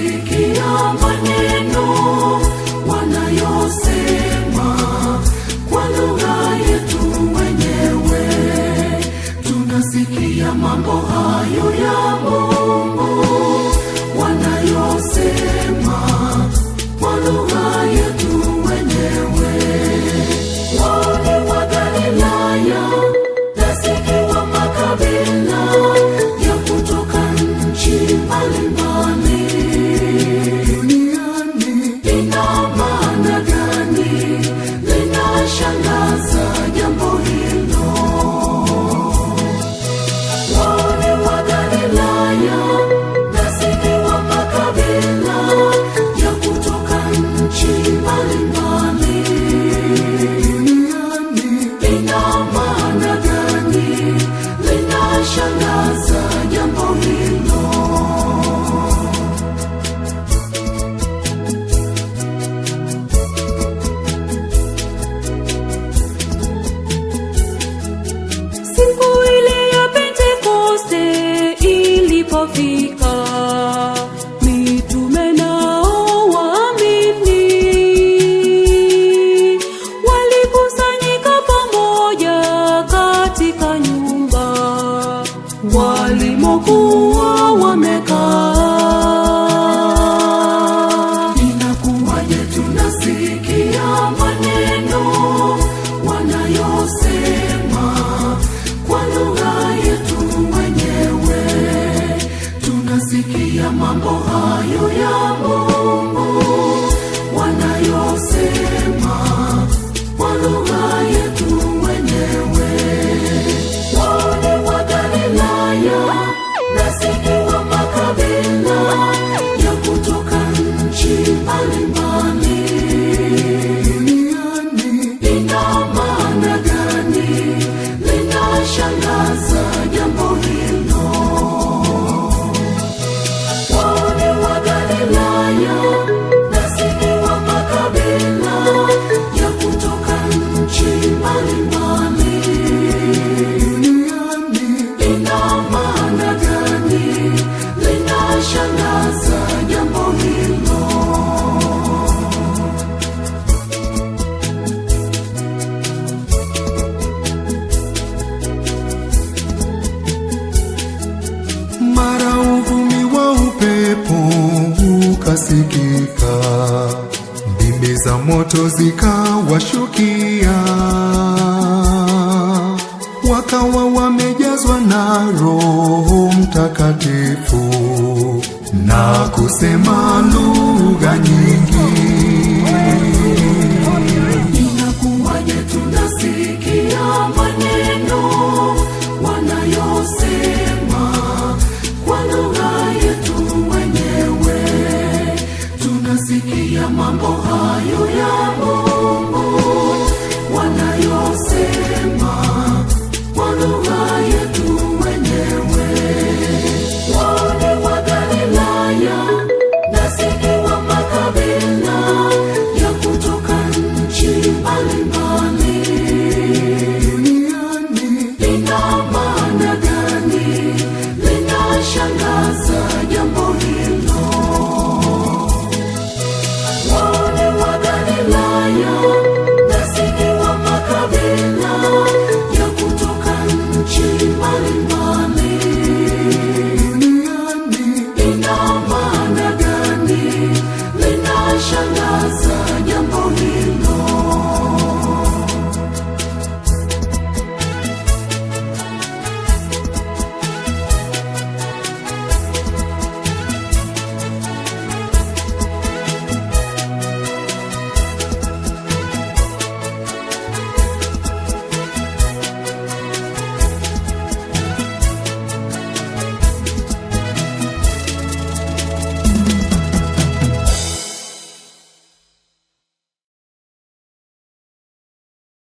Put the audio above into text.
sikia maneno wanayosema kwa lugha yetu wenyewe, tunasikia mambo hayo ya Mungu. coffee. zikasikika, ndimi za moto zikawashukia, wakawa wamejazwa na Roho Mtakatifu na kusema lugha nyingi. Sikia mambo hayo ya Mungu.